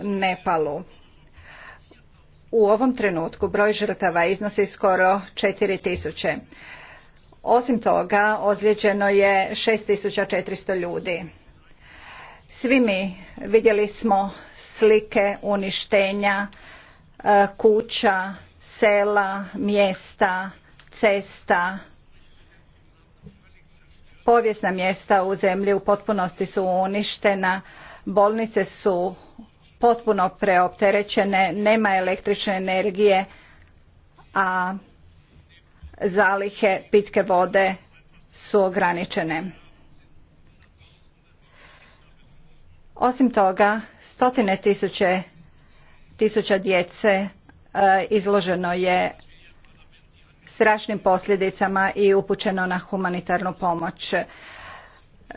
Nepalu. U ovom trenutku broj žrtava iznosi skoro 4000. Osim toga, ozlijeđeno je 6400 ljudi. Svi mi vidjeli smo slike uništenja e, kuća, sela, mjesta, cesta. Povijesna mjesta u zemlji u potpunosti su uništena, bolnice su potpuno preopterećene, nema električne energije, a zalihe pitke vode su ograničene. Osim toga, stotine tisuće, tisuća djece e, izloženo je strašnim posljedicama i upućeno na humanitarnu pomoć.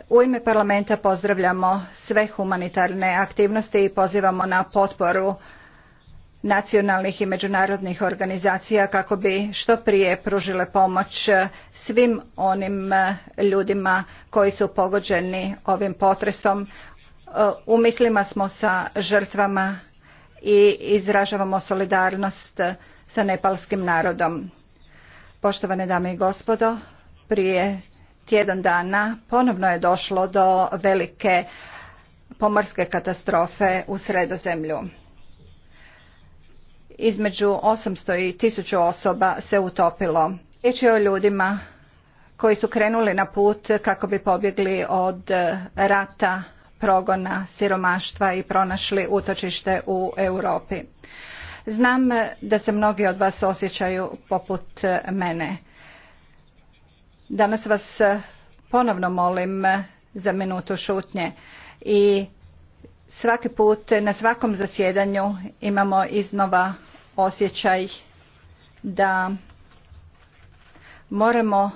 U ime parlamenta pozdravljamo sve humanitarne aktivnosti i pozivamo na potporu nacionalnih i međunarodnih organizacija kako bi što prije pružile pomoć svim onim e, ljudima koji su pogođeni ovim potresom. E, u mislima smo sa žrtvama i izražavamo solidarnost sa nepalskim narodom. Poštovane dame i gospodo, prije tjedan dana ponovno je došlo do velike pomorske katastrofe u Sredozemlju. Između 800 i 1000 osoba se utopilo. Riječ je o ljudima koji su krenuli na put kako bi pobjegli od rata, progona, siromaštva i pronašli utočište u Europi. Znam da se mnogi od vas osjećaju poput mene. Danas vas e, ponovno molim e, za minutu šutnje i svaki put e, na svakom zasjedanju imamo iznova osjećaj da moramo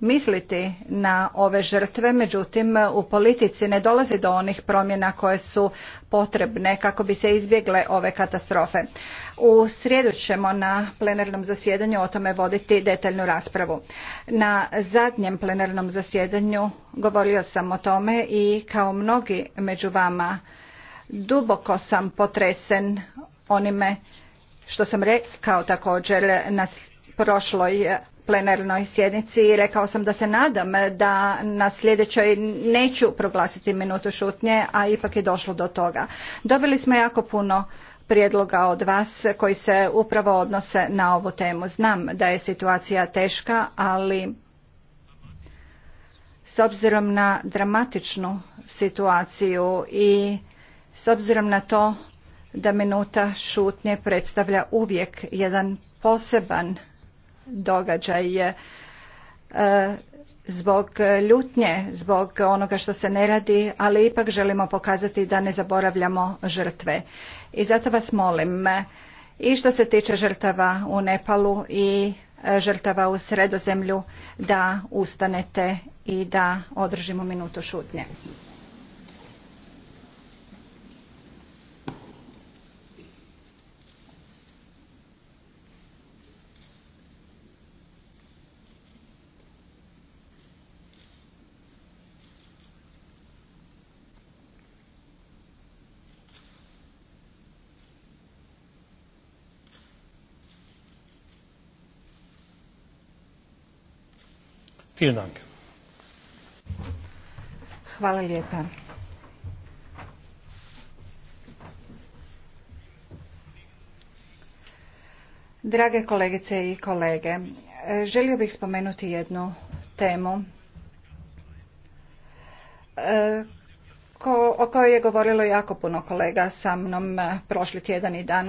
misliti na ove žrtve, međutim u politici ne dolazi do onih promjena koje su potrebne kako bi se izbjegle ove katastrofe. U srijedu ćemo na plenarnom zasjedanju o tome voditi detaljnu raspravu. Na zadnjem plenarnom zasjedanju govorio sam o tome i kao mnogi među vama duboko sam potresen onime što sam rekao također na prošloj plenarnoj sjednici i rekao sam da se nadam da na sljedećoj neću proglasiti minutu šutnje, a ipak je došlo do toga. Dobili smo jako puno prijedloga od vas koji se upravo odnose na ovu temu. Znam da je situacija teška, ali s obzirom na dramatičnu situaciju i s obzirom na to da minuta šutnje predstavlja uvijek jedan poseban događaj e, zbog ljutnje, zbog onoga što se ne radi, ali ipak želimo pokazati da ne zaboravljamo žrtve. I zato vas molim i što se tiče žrtava u Nepalu i e, žrtava u Sredozemlju da ustanete i da održimo minutu šutnje. Drage kolegice i kolege, želio bih spomenuti jednu temu eh, o kojoj je govorilo jako puno kolega sa mnom eh, prošli tjedan i dan.